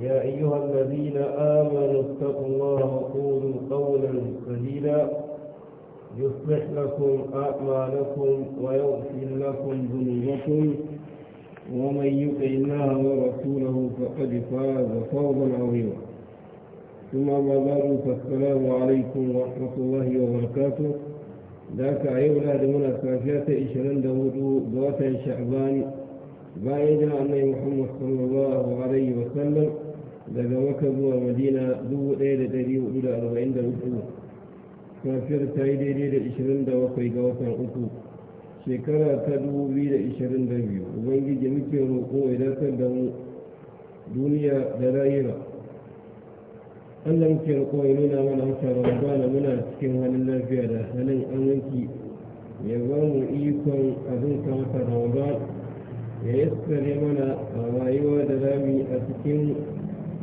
يا أيها الذين آمنوا اتقوا الله وقولوا قولا سديدا يصلح لكم أعمالكم ويغفر لكم ذنوبكم ومن يطع الله ورسوله فقد فاز فوضا عظيما ثم ما بعد فالسلام عليكم ورحمة الله وبركاته ذاك أيولا دمنا سافيات إشرين دهود بوتا شعبان بايدا أن محمد صلى الله عليه وسلم daga maka zuwa madina 1443 kafir ta yi daidai da 27 ga watan uku shekara ta 2022 ubangiji muke roƙo ya dakar da mu duniya da rayuwa allah muke roƙo ya nuna mana wata ramadana muna cikin halin lafiya da halin aminci ya ba mu ikon abin kamata ramadana ya yi mana rayuwa da rami a cikin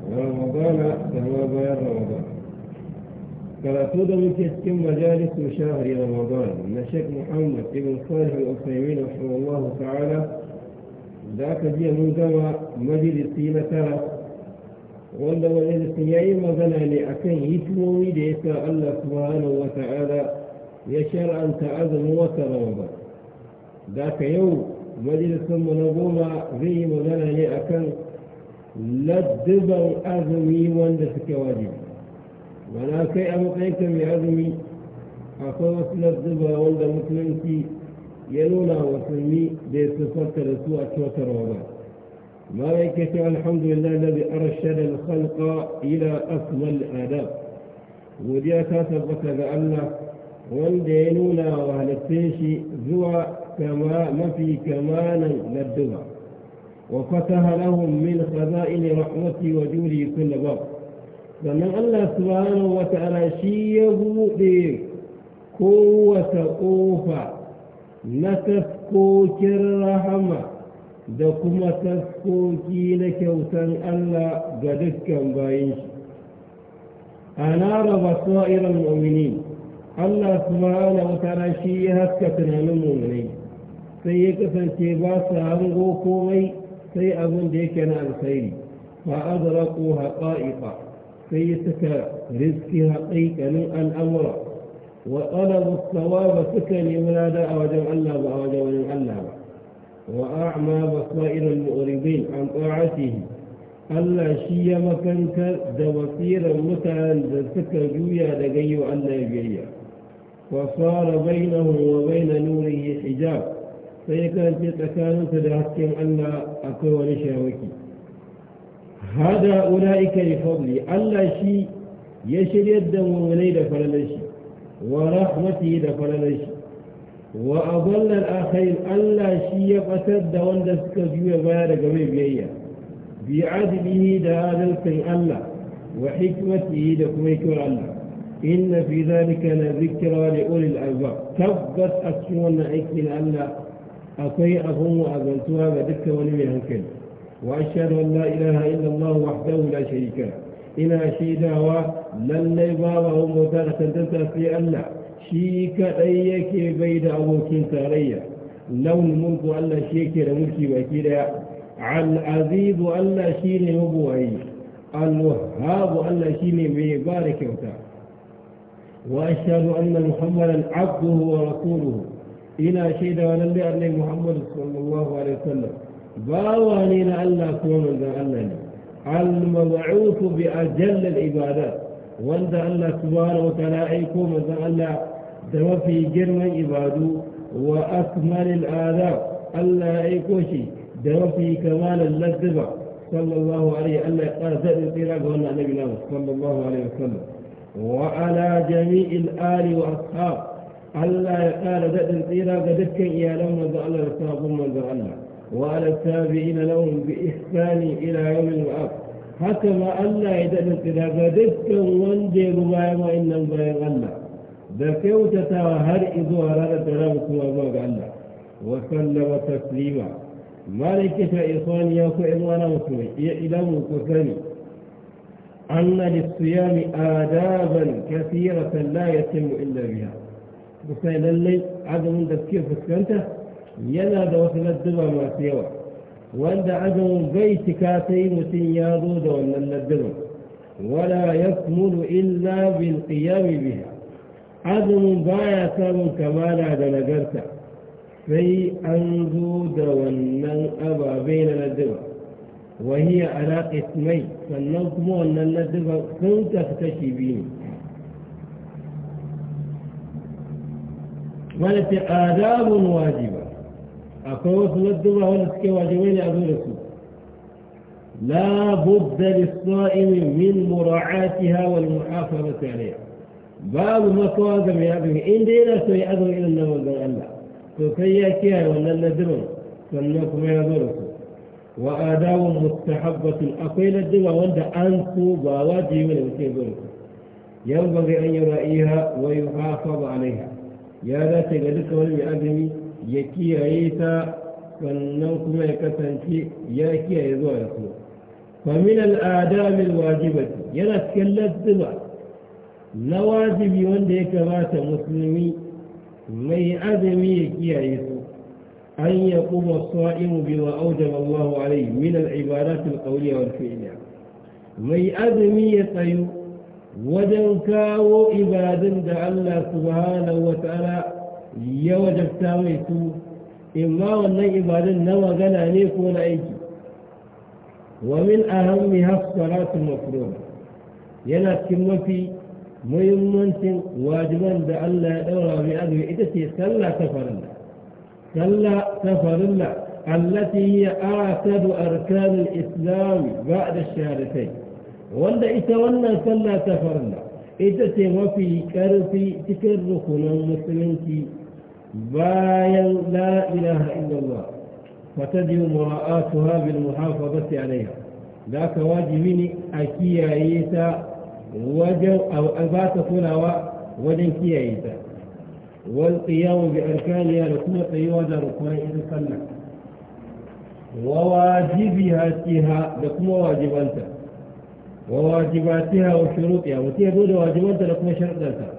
رمضان كما رمضان كلا تودا من تسكن مجالس شهر رمضان ان الشيخ محمد بن صالح الأسلمين رحمه الله تعالى ذاك جي من جمع مجلس سينة ولا مجلس اما مظنى اكن يتمومي ديسا الله سبحانه وتعالى يشار أن تعظم وقت رمضان ذاك يوم مجلس منظومة ذي مظنى اكن لدبوا أذمي ولدت كواجب ولا كي أبقيك من أذمي أخوص لدبا ولد مسلمتي يلونا وسلمي بيت صفات رسوة شوتر وضع ما ريكت الحمد لله الذي أرشد الخلق إلى أصل الآداب وديا كاسا بك لأن وندينونا وهل التنشي زوى كما ما في كمانا لدبا وفتح لهم من خزائن رحمتي وجودي كل باب لأن الله سبحانه وتعالى شيه بير قوة أوفا نتفكو كرهما دكما تفكو كينك وتن ألا قدتك مبايش أنا رب صائر المؤمنين الله سبحانه وتعالى شيه هكتنا من المؤمنين سيكسن تباس عنه كوغي سيئهم ديكنا الخير فأدركوا حقائق سيئتك رزق حقيقة الأمر وطلبوا الصواب سكن إمرادا أوجب الله وأوجب الله وأعمى بصائر المؤربين عن طاعته ألا شيء مكانك دوسير متعن ذلك جويا لغي أن يجي وصار بينه وبين نوره حجاب sai ya kasance tsakaninsa da hasken Allah akwai wani shawaki hada ula'ika li fadli Allah shi ya shiryar da mummunai da falalar shi wa rahmatihi da falalar shi wa adalla al-akhirin Allah shi ya fatar da wanda suka juya baya daga mai biyayya bi adlihi da adalcin Allah wa hikmatihi da kuma hikmar Allah inna fi dhalika la dhikra li ulil albab tabbat asma'na ikil Allah أكي أفهم أبنتها بدك ولم يهكن وأشهد أن لا إله إلا الله وحده لا شريك له إن أشيدا هو لن نبار أم تغتدت في ألا شيك أيك بيد أبوك تغري لون الملك ألا شيك لملك وكيدا عن عزيز ألا شيني أبو أي الوهاب ألا شيني ببارك وتعالى وأشهد أن محمدا عبده ورسوله ina shaida lalle annabi Muhammad sallallahu alaihi wasallam bawa ne na Allah kuma manzon Allah ne al-mab'uth bi ajall al-ibadat wanda Allah subhanahu wa ta'ala aiko manzon Allah da mafi girman ibadu wa akmal al-adab Allah ya aiko shi da mafi kamal al-ladaba sallallahu alaihi Allah ya ƙara zaɗin tsira ga wannan annabi namu sallallahu alaihi wasallam wa ala jami'il ali wa ashab ألا قال ذات إلى قدك يا لما ظل ثم ظل وعلى التابعين لهم بإحسان إلى يوم الوقت حكم ألا إذا إلى قدك وندي رباية وإن البيع غلى ذكوت تاهر إذ أردت رمك وما غلى وسلم تسليما مالك شيطان يقول وانا مسلم يعلم كثني أن للصيام آدابا كثيرة لا يتم إلا بها بكاي للي عدم تذكير في السنة يلا دوسنا الدبا ما سيوا وأنت عدم بيت كاتي متنياضو دوسنا الدبا ولا يكمل إلا بالقيام بها عدم بايا سام كمال عدم قرتا في أنزو دوسنا أبا بين الدبا وهي على قسمين فالنظم أن الدبا كنت تكتشي ولت آداب واجبة أقوص للدبة ولتك واجبين أدولك لا بد للصائم من مراعاتها والمحافظة عليها باب ما كواغم يا أبي إن دينا سيأذوا إلى الله وقال الله تسيأتيها ولا النذرون فلنكم يا ذركم وآداب مستحبة أقيل الدماء وانت أنسوا بواجه من المسيح ينبغي أن يرأيها ويحافظ عليها ya dace ga duka wani mai azumi ya kiyaye ta sannan kuma ya kasance ya kiyaye zuwa da su famin al'adamin wajibati yana cikin lazziba na wajibi wanda ya kamata musulmi mai azumi ya kiyaye su an ya kuma sa'imu bi wa aujaba Allahu alaihi min al'ibaratul qawliya wal fi'liya mai azumi ya tsayu wajen kawo ibadun da Allah subhanahu wa ta'ala ya wajabta mai su imma wannan ibadun na magana ne ko na aiki wa min ahammi hafsalatu mafruha yana cikin mafi muhimmancin wajiban da Allah ya daura mai azumi ita ce sallah ta farilla sallah ta farilla allati hiya asadu arkanul islam ba'da shahadatayn wanda ita wannan sallah ta farla ita ce mafi ƙarfi cikin rukunan musulunci bayan la ilaha illallah fa ta ji mura'atu ha bil muhafazati alaiha da ka wajibi ne a kiyaye ta wajen a ba ta kulawa wajen kiyaye ta wal qiyamu bi arkaniha da kuma tsayuwa da rukunan ita sallah wa wajibi wajibiha da kuma wajibanta وواجباتها وشروطها وتيبود واجبات لكم شرطها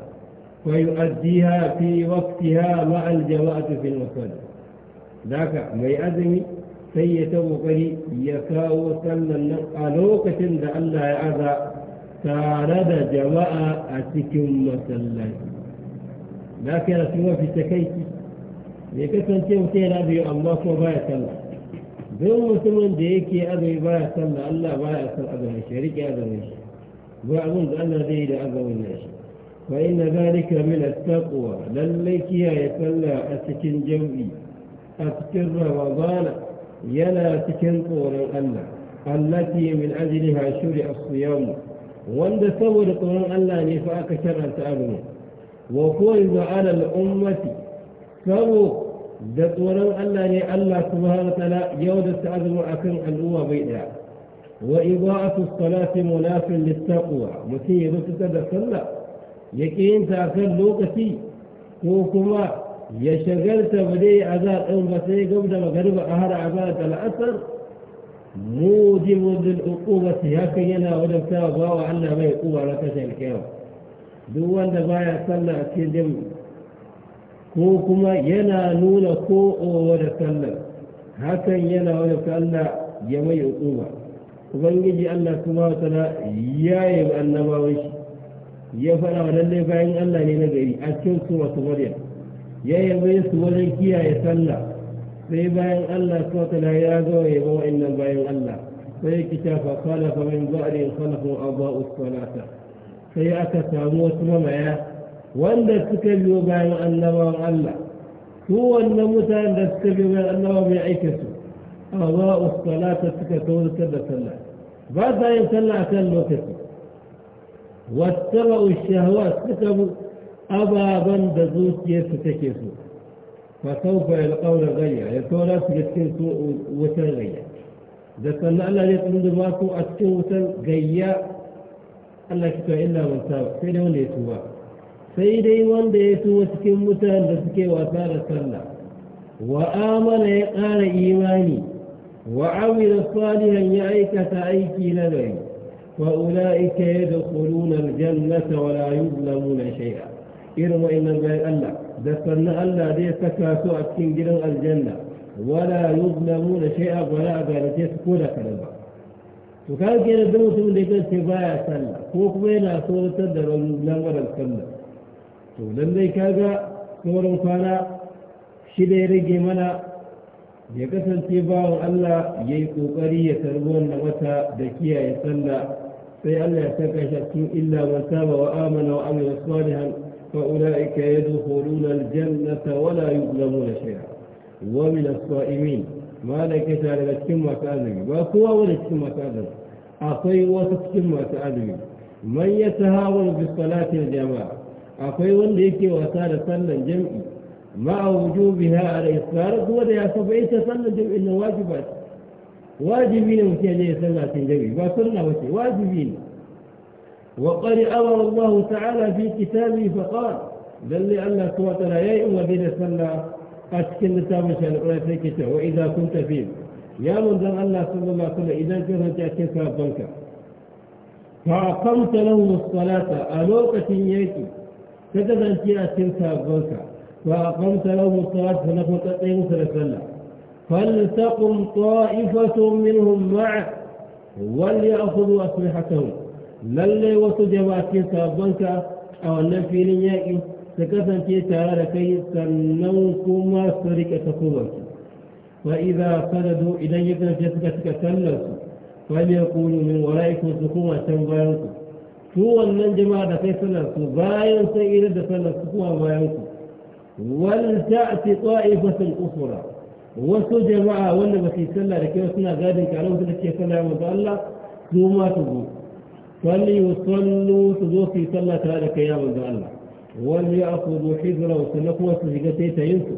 فيؤديها في وقتها مع الجواءة في المسجد ذاك ما يأذني سيتم قري يكاو سلم النقالوك تند الله أذى سارد جواء أتكم مسلم ذاك رسوه في سكيتي لكي تنتهي الله سبحانه don mutumin da yake azumi ba ya san da Allah ba ya san azumin shi rike azumin shi ba abin da Allah zai yi da azumin shi fa inna zalika min at-taqwa lalle kiyaye sallah a cikin jami'i a cikin ramadana yana cikin tsoron Allah allati min ajliha shuri as-siyam wanda saboda tsoron Allah ne fa aka sharanta azumi wa huwa yu'ala al-ummati sabo da tsoron Allah ne Allah subhanahu wa ta'ala yau da ta'azuma akan al'umma bai daya wa ida'atu salati munafin littaqwa mutum ya zuciya da sallah ya yin ta kan lokaci ko kuma ya shagalta ba dai azar din ba sai gab da magariba a har azar da al'asar mujibun lil uqubati hakan yana wadanta ba wa Allah mai uquba na kashin kiyama duk wanda baya sallah a cikin jami'i ko kuma yana nuna ko da sallar hakan yana wani sallah ya mai hukuma ubangiji Allah kuma wataala ya yi annabawan shi ya fara wa lalle bayan Allah ne na gari a cikin wasu murya. ya yi mai su wajen kiyaye sallah sai bayan Allah subhanahu wataala ya zo ya ba wa'annan bayan Allah sai kita fa qala fa min ba'di khalaqu aba'u salata sai aka samu wasu mamaya wanda suka biyo bayan annabawan Allah su wannan mutanen da suka biyo bayan annabawan mai aike su amma usalata suka kawartar da sallah ba sa yin sallah a kan lokaci wattaba'u shahawa suka bi ababen da zuciyarsu take so fa sawfa yalqawna ghayya ya tona su cikin su wutar gayya da sannan Allah ya tsunduma su a cikin wutar gayya Allah ya ta illa man sai da wanda ya tuba sai dai wanda ya tuwa cikin mutanen da suke wasa da sallah wa amana ya ƙara imani wa amina salihan ya aikata aiki na gari fa ula'ika yadkhuluna aljannata wa la yuzlamuna shay'a irin wa'annan bayan Allah da sannan Allah zai saka su a cikin gidan aljanna wala yuzlamuna shay'a ba la garaje su ko da kada ba to kaga kenan da mutum da yake baya sallah ko kuma yana so da ranar sallah to lallai kaga sauran kwana shida ya rage mana ya kasance bawan Allah ya yi ƙoƙari ya tarbi wannan wata da kiyaye sallah sai Allah ya saka shi cikin illa man saba wa amana wa amila salihan fa ulaika yadkhuluna aljannata wa la yuzlamuna shay'a wa min as-sa'imin ma da ke tare da cikin masu azumi ba kowa wani cikin masu azumi akwai wasu cikin masu azumi man yatahawanu bi salati jama'a akwai wanda yake wasa da sallan jam'i ma'a wujubiha ala israr kuma da ya saba ita sallan jam'i na wajiba ce wajibi ne mutum ne ya sallah cikin jam'i ba sunna ba ce wajibi ne wa qad amara Allah ta'ala fi kitabi fa qala dalli Allah subhanahu wa ta'ala yayi umma da sallah a cikin littafin shi alƙura sai ke ce wa idan kunta tafi ya mun manzon Allah sallallahu alaihi wasallam idan ka ranta cikin sabbanka fa aqamta lahu as-salata a lokacin yaki تلك وأقمت الصلاة تقيم فلتقم طائفة منهم معك وليأخذوا أسلحتهم للي وسجباتي سابنك أو النفي لنياكي سكسنتي تعالى لكي سنوكما سرك تقوبك وإذا صددوا إليك نجسك تكتلس فليقولوا من ورائكم سكوما تنبيركم su wannan jama'a da kai sallar su bayan sai idar da sallar su kuma bayan su wal ta'ti qa'ifatul ukhra wasu jama'a wanda ba su sallah da kai suna gadin ka lokacin da ke sallah manzo Allah su ma su zo salli yusallu su zo su sallah tare da kai manzo Allah wal ya'khudhu hizra wa sallu wa su shiga tayin su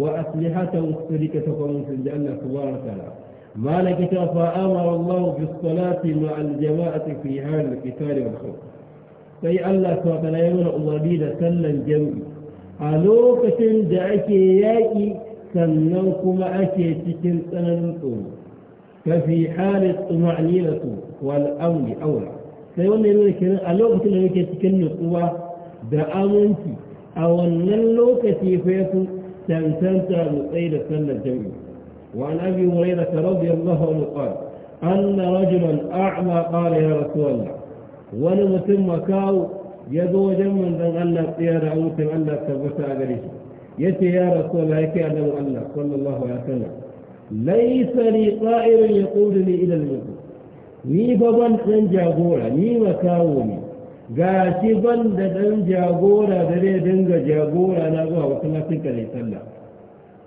wa aslihatan su rike ta kuma sun ji Allah subhanahu wa ta'ala مالك لقيت فأمر الله بالصلاة مع الجماعة في حال القتال والخوف في الله سبحانه يقول أولينا سلا جنبي الو سند أكي يأكي سنوكم أكي تكن سننتم ففي حال الطمأنينة والأمن أولى. سيقول لي ذلك ألوك سند أكي تكن نتوى دعامنتي أولا لوك سيفيت سنسنتا نقيل سلا جنبي وعن أبي هريرة رضي الله عنه قال أن رجلا أعمى قال يا رسول الله ونمتم كاو يدو جمن أن الله طيار أوتم الله ثبت أغريش يتي يا رسول الله يكي أعلم الله صلى الله عليه وسلم ليس لي طائر يقودني إلى المنزل ni fa ban ɗan jagora ni makawo ne ga shi ban da ɗan jagora da zai dinga jagora na zuwa wasu sallah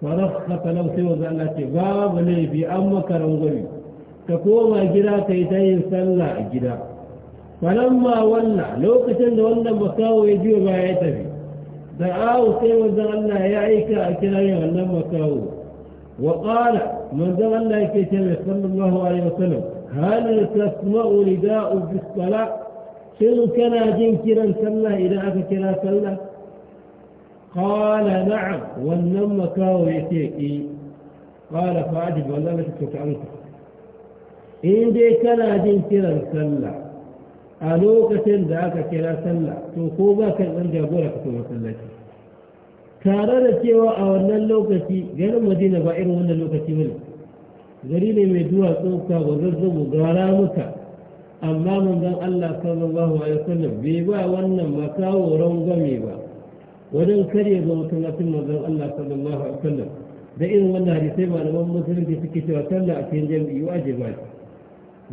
farafka talau sai wanzu Allah ce babu laifi an maka rangwami ka koma gida ka yi ta yin sallah a gida falamma wannan lokacin da wannan makawo ya biyo ba ya tafi da awu sai wanzu Allah ya aika a kira yin wannan makawo wa ƙara manzan Allah ya ke ce mai sallallahu alaihi wasallam hal tasma'u lida'u bis sala shin kana jin kiran sallah idan aka kira sallah qala na'am wannan makawo yace ki qala fa'ajib wallahi ta ta anka in dai kana jin kiran sallah a lokacin da aka kira sallah to ko ba ka dan jagora ka kuma tare da cewa a wannan lokaci garin madina ba irin wannan lokaci bane gari ne mai duwatsu ka gwazazzabu gara muka amma manzon Allah sallallahu alaihi wasallam bai ba wannan makawo rangwame ba ودن كريه بمتنا ثم ذو الله صلى الله عليه وسلم دئين والله رسيب على ومسلم في سكة وتلع في الجنبي واجب واجب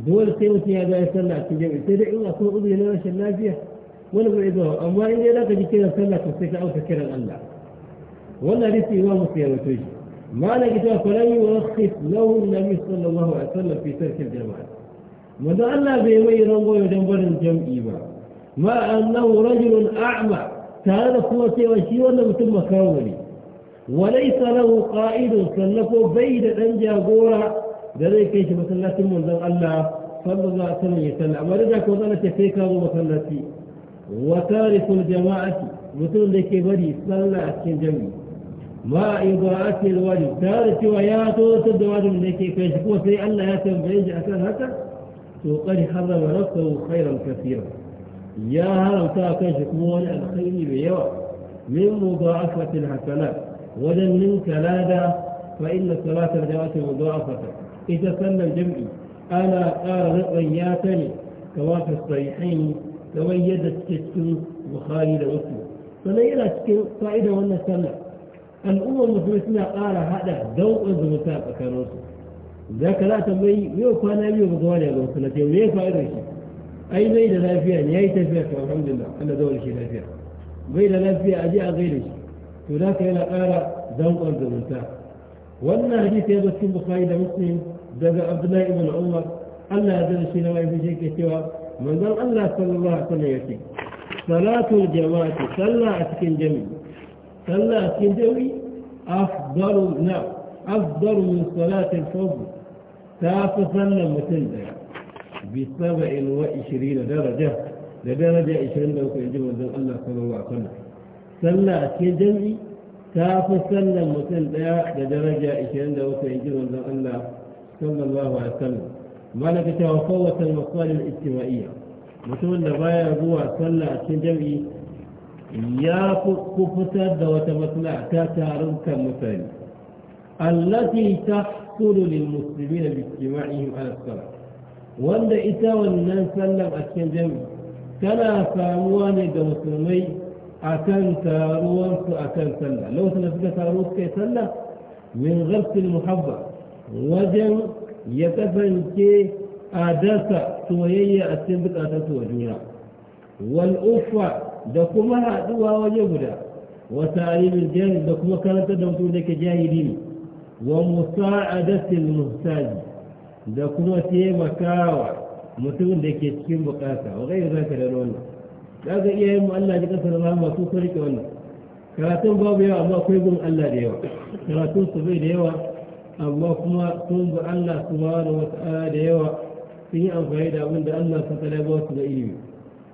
دول سيوة يا دا يسلع في الجنبي تدعي وأصول أبي نواش النازية ولو عدوه أما إني لا تجي كده سلع في السكة أو سكرا الله والله رسي إمام مسلم وتوجي ما نجد فلن يرخص له النبي صلى الله عليه وسلم في ترك الجماعة ماذا الله بيمي رنبوي وجنبوي الجمعي ما أنه رجل أعمى tare da kuma cewa shi wannan mutum makawo ne walaisa lahu qa'idun sallako bai da dan jagora da zai kai shi masallacin manzon Allah sallallahu alaihi wasallam ya salla amma da ko zan ce kai ka zo masallaci wa tarikul jama'ati mutum da yake bari salla a cikin jami'i ma ibaati alwali tare cewa ya zo ta da wajin da yake kai shi ko sai Allah ya tambaye shi akan haka to qad harrama nafsahu khairan kaseeran يا هرمتا كنشك مواني الخير بيوى من مضاعفة الحسنات ودن من كلادا فإن الصلاة جاءت مضاعفة إذا سنى الجمع أنا قال رئياتني كواف الصيحين تويد السكتون بخاري لغسل فليلا سكتون صعيدا وانا سنى الأول مثلثنا قال هذا دوء الزمتاب كان رسل ذاك لا تنبي ويوكوانا يبضواني الغسلتين ويوكوانا يبضواني الغسلتين أي ميلة لا فيها نهاية فيها الحمد لله أنا دول شيء لا فيها ميلة لا فيها أجاء غير شيء هناك إلى قال ذوق الزمنتا وأن حديث هذا السيد بخاري مسلم دقى عبد الله بن عمر أنا هذا في لا في شيء كثيرا من قال الله صلى الله عليه وسلم يأتي صلاة الجماعة صلى أتكن جميع صلى أتكن جميع أفضل نعم أفضل من صلاة الفضل تافصلنا متنزل بسبع وعشرين درجة لدرجة عشرين لو كان جمع ذن الله صلى الله عليه وسلم صلى كجمعي كاف سلم مثل لدرجة عشرين لو كان جمع ذن الله صلى الله عليه وسلم مالك توفوة المصال الاجتماعية مثل da baya zuwa sallah يا cikin jam'i ya ku fitar التي تحصل للمسلمين باجتماعهم على kan wanda ita wannan sallan a cikin jami'a tana samuwa ne da musulmai a kan taruwarsu a kan sallah lokacin da suka taru suka yi sallah min gharsil muhabba wajen ya kasance a dasa soyayya a cikin bukatarsu wa juna wal ufa da kuma haɗuwa waje guda wa ta'limin jahil da kuma karantar da mutum da ke jahili ne wa musa'adatil muhtaji da kuma taimakawa mutumin da ke cikin bukata wa za ka da wannan za ka iya yin Allah ji kasar ba masu ko wannan karatun babu yawa amma akwai gun Allah da yawa karatun su bai da yawa amma kuma sun bi Allah su da wasu ala da yawa sun yi amfani da abin da Allah sun kada ba su da ilimi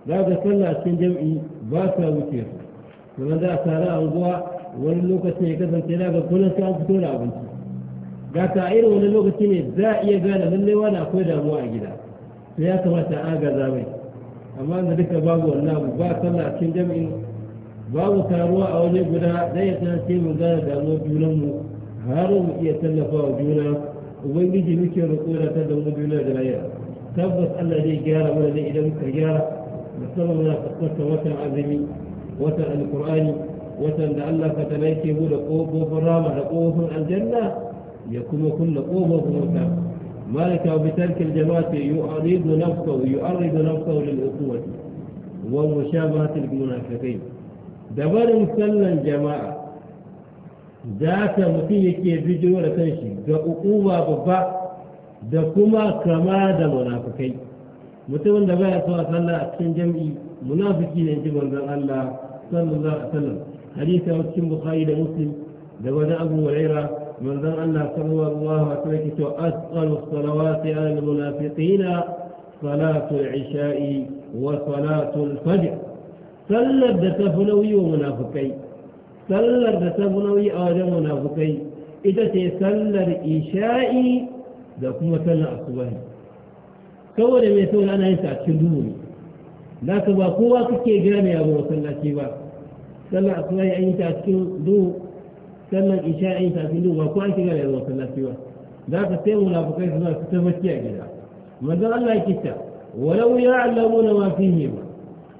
za ka sallah cikin jam'i ba sa wuce su kuma za a tare a wani lokaci ya kasance na ga kullum fito da abinci ga ta irin wani lokaci ne za a iya gane lallai wani akwai damuwa a gida to ya kamata a agaza mai amma da duka babu wannan abu ba sallah a cikin jami'in babu taruwa a waje guda da ya san sai mu gane damuwar mu har mu iya tallafa wa juna ubangiji muke roƙo da ta damu juna da layar tabbas allah zai gyara mana ne idan muka gyara musamman muna fuskantar watan azumi watan alqur'ani watan da allah ka tana mu da kofofin rama da kofofin aljanna يقوم كل قوة ذلك مالك وبترك الجماعة يؤرد نفسه يؤرد نفسه للأقوة ومشابهة المنافقين دبر مثلا جماعة ذات مطيع كي بجوا لتنشي بأقوة ببع دكما كما دا منافقين متون دبا صلى الله عليه وسلم جمعي منافقين انجب الله صلى الله عليه وسلم حديث عن البخاري مسلم دبا ابو هريره من ذن الله صلى الله عليه وسلم أثقل الصلوات على المنافقين صلاة العشاء وصلاة الفجر صلى دتفنوي ومنافقين صلى دتفنوي آجا منافقين إذا تصلى العشاء دكما صلى أصبه سوى لم يسول أنا يسعى تشدوني لا تبقوا كي جاني أبو صلى الله عليه وسلم صلى الصبح أنت تشدوني sannan sallan isha'in kafin duba ko an shiga da yawan masallaci ba za ka sai munafukai suna su ta bacci a gida manzon Allah ya kisa walau ya allamu na mafi yi ba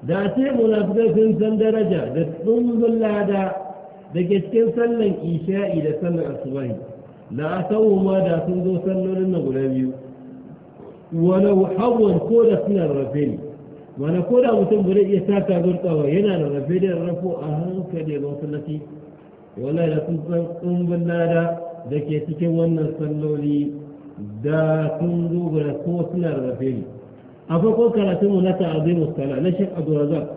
da ce munafukai sun san daraja da tsumbin lada da cikin sallan isha'i da sallan asubahi la asawu ma da sun zo sannonin na guda biyu walau hawan ko da suna rafe ne wani ko da mutum ba zai iya sata zurtawa yana da rafe da rafo a hankali ga masallaci wala da kun ballada da ke cikin wannan salloli da kun zo da ko suna da rafe ne a farko karatun mu na ta'azimu sala na shek abdurrazak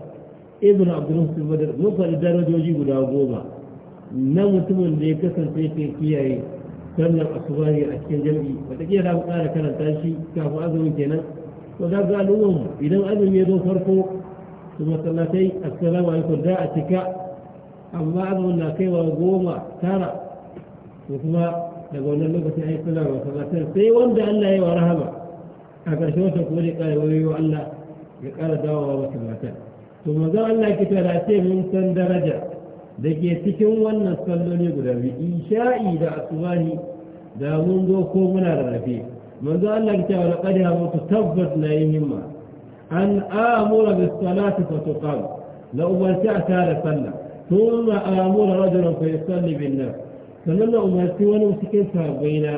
ibn abdurrahman badar mun faɗi darajoji guda goma na mutumin da ya kasance ke kiyaye sallar asubahi a cikin jam'i wataƙila za mu ƙara karanta shi kafin azumin kenan to za ga al'ummar idan azumi ya zo farko su masallatai assalamu alaikum da a cika أما أنه لكي وقوم أكثر وثم يقول يعني لك أي كل ما فقطر في وند ألا هي ورهما أكثر شو تقولي قال ويو ألا يقال دواء وثمتر ثم ذا ألا كتر أتي من سن درجة لكي تكون وانا صلوني قدر إن شاء إذا أصواني دا من دو كومنا رفي من ذا ألا كتر لقد هموت تفت لأيهما أن آمر بالصلاة فتقام لأول تأثار صلّى ثم آمر رجلا فيصلي بالناس sannan na umarci wani cikin sabaina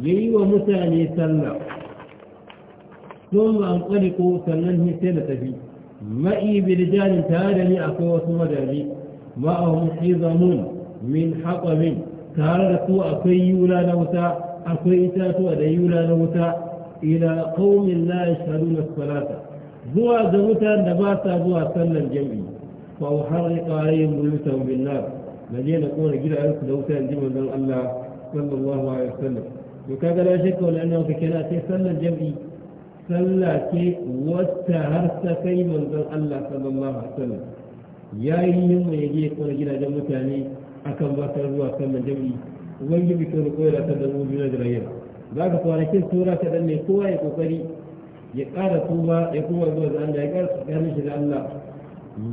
ya yi wa mutane sallah sun an ko sannan ni sai na tafi ma'i birjanin tare da ni akwai wasu madari ma'ahun hizamun min haƙamin tare da su akwai yula na wuta akwai itatuwa da yula na wuta ila qaumin la yashhaduna as-salata zuwa ga mutan da ba sa zuwa sallan jami'i فأحرق عليهم بيوتهم بالنار مدينة كون جل أنك دوتا جمع من الله صلى الله عليه وسلم وكذا لا شك لأنه في كلاته صلى الجمعي صلى كي واتهرت كي من الله صلى الله عليه وسلم يا يوم يجي كون جدا جمع تاني أكم باكر الله صلى الجمعي ويجب يكون da koyar ta da mubi na jirayya za ka kwanakin tura ka danne الله ya kokari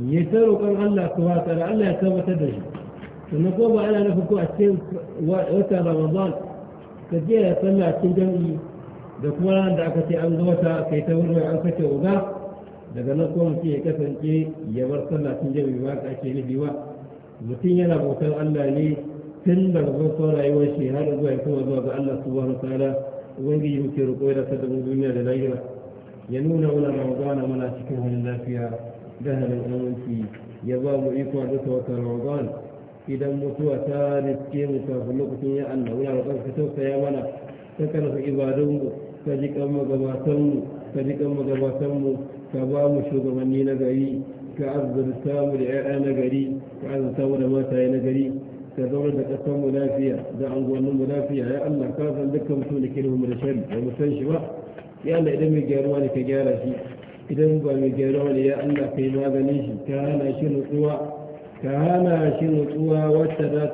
ya ta roƙon Allah ko ba tara Allah ya tabbatar da shi sannan ko ba ana nufin ko a cikin wata ramadan ka je ya sallah cikin jam'i da kuma ran da aka ce an ga wata kai ta wurin an kace uga daga nan ko mutum ya kasance ya bar sallah cikin jam'i ba ka ake nufi ba mutum yana bautar Allah ne tun daga farkon rayuwar shi har zuwa ya kuma zuwa ga Allah subhanahu ta'ala ubangiji muke roƙo ya rasa da duniya da lahira ya nuna wani ramadana muna cikin halin lafiya دهر الأمنتي يباب إيكوان رسوة رمضان إذا متوى تارس كيمو كافلوك تنيا أنه ولا رقم كتوك يا منا تكرف إبادهم كذلك أما قباتهم كذلك أما قباتهم كبام شغمني نغري كعبد السام لعاء نغري كعبد السام لماتا نغري كدولة zaune da ƙasar mu lafiya da anguwannin mu lafiya ya Allah ka san dukkan mutum da kirhu mu idan ba mai يا wani في Allah kai maganin شنو طوى hana شنو طوى ka hana shi nutsuwa wacce za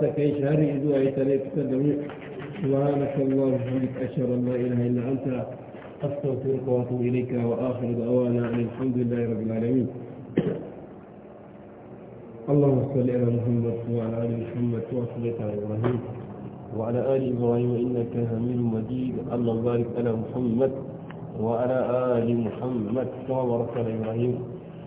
سبحانك اللهم وبحمدك أشهد أن لا إله إلا أنت أستغفرك وأتوب إليك وآخر دعوانا أن الحمد لله رب العالمين اللهم صل على محمد وعلى آل محمد وصلى على إبراهيم وعلى آل إبراهيم إنك حميد مجيد اللهم بارك على محمد وعلى آل محمد كما بارك على إبراهيم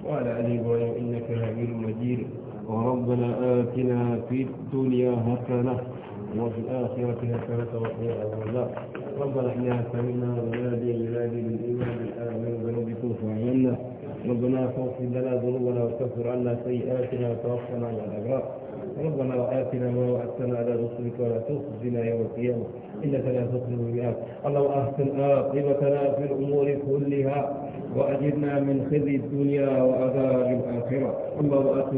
وعلى آل إبراهيم إنك حميد مجيد وربنا آتنا في الدنيا حسنة وفي الآخرة حسنة وفي عذاب ربنا إنا سمعنا مناديا ينادي بالإيمان بالآمن بنبكم فأعينا ربنا فاغفر لنا ذنوبنا وكفر عنا سيئاتنا وتوفنا على الأبرار ربنا وآتنا ما وعدتنا على رسلك ولا تخزنا يوم القيامة إنك لا تخزي الميعاد اللهم أحسن عاقبتنا في الأمور كلها وأجرنا من خزي الدنيا وعذاب الآخرة اللهم آت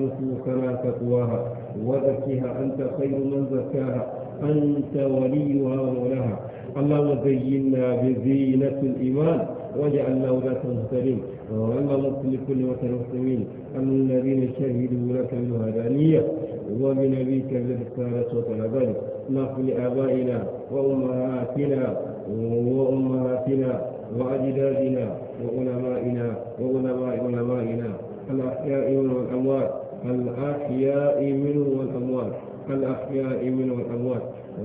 ما تقواها وزكيها أنت خير من زكاها أنت وليها ومولاها اللهم زينا بزينة الإيمان واجعلنا ولاة مهتدين وإن لك لكل المسلمين أم الذين شهدوا لك أبيك وبنبيك وطن ذلك نحن لآبائنا وأمهاتنا وأمهاتنا وأجدادنا وعلمائنا وعلماء علمائنا الأحياء والأموات الأحياء منهم والأموات الأحياء من الأموات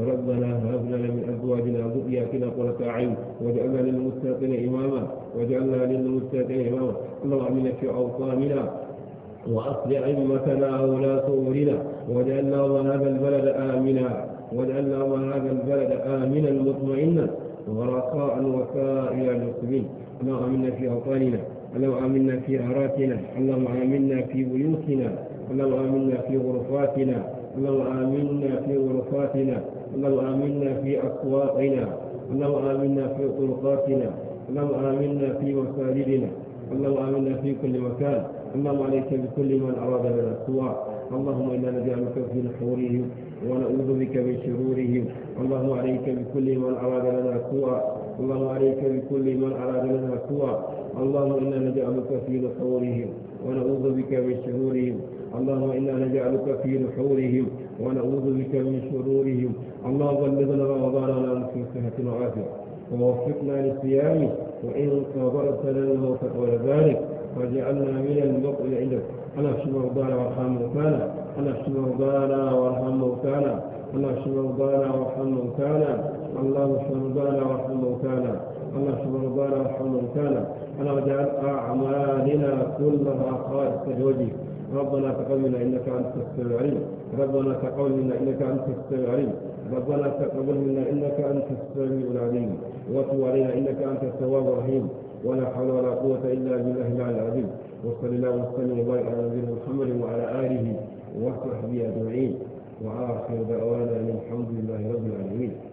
ربنا هب لنا من أزواجنا ذرياتنا قرة أعين واجعلنا للمتقين إماما واجعلنا للمتقين إماما اللهم آمنا في أوطاننا وأصلح أئمتنا ولاة أمورنا واجعلنا هذا البلد آمنا واجعلنا هذا البلد آمنا مطمئنا ورخاء وسائر المسلمين اللهم آمنا في أوطاننا اللهم آمنا في أراكنا اللهم آمنا في بيوتنا اللهم آمنا في غرفاتنا اللهم آمنا في غرفاتنا اللهم آمنا في أسواقنا اللهم آمنا في طرقاتنا اللهم آمنا في مساجدنا اللهم آمنا في كل مكان اللهم عليك بكل من أراد لنا السوء اللهم إنا نجعلك في نحورهم ونعوذ بك من شرورهم اللهم عليك بكل من أراد لنا سوء اللهم عليك بكل من أراد لنا سوء اللهم إنا نجعلك في نحورهم ونعوذ بك من شرورهم اللهم إنا نجعلك في نحورهم ونعوذ بك من شرورهم اللهم بلغنا على في صحة وعافية ووفقنا للصيام وإن صبرت لنا الموت ذلك واجعلنا من المقبل عندك أنا أشفي مرضانا وارحم موتانا أنا أشفي مرضانا وارحم موتانا أنا أشهد مرضانا وارحم موتانا اللهم اشف مرضانا وارحم موتانا انا اشف مرضانا وارحم موتانا انا اجعل أعمالنا كلها خالصة لوجهك ربنا تقبل انك انت السميع العليم ربنا تقبل منا انك انت السميع العليم ربنا تقبل منا انك انت السميع العليم وتب علينا انك انت التواب الرحيم ولا حول ولا قوه الا بالله العلي العظيم وصلى الله وسلم وبارك على نبينا محمد وعلى اله وصحبه اجمعين وآخر دعوانا الحمد لله رب العالمين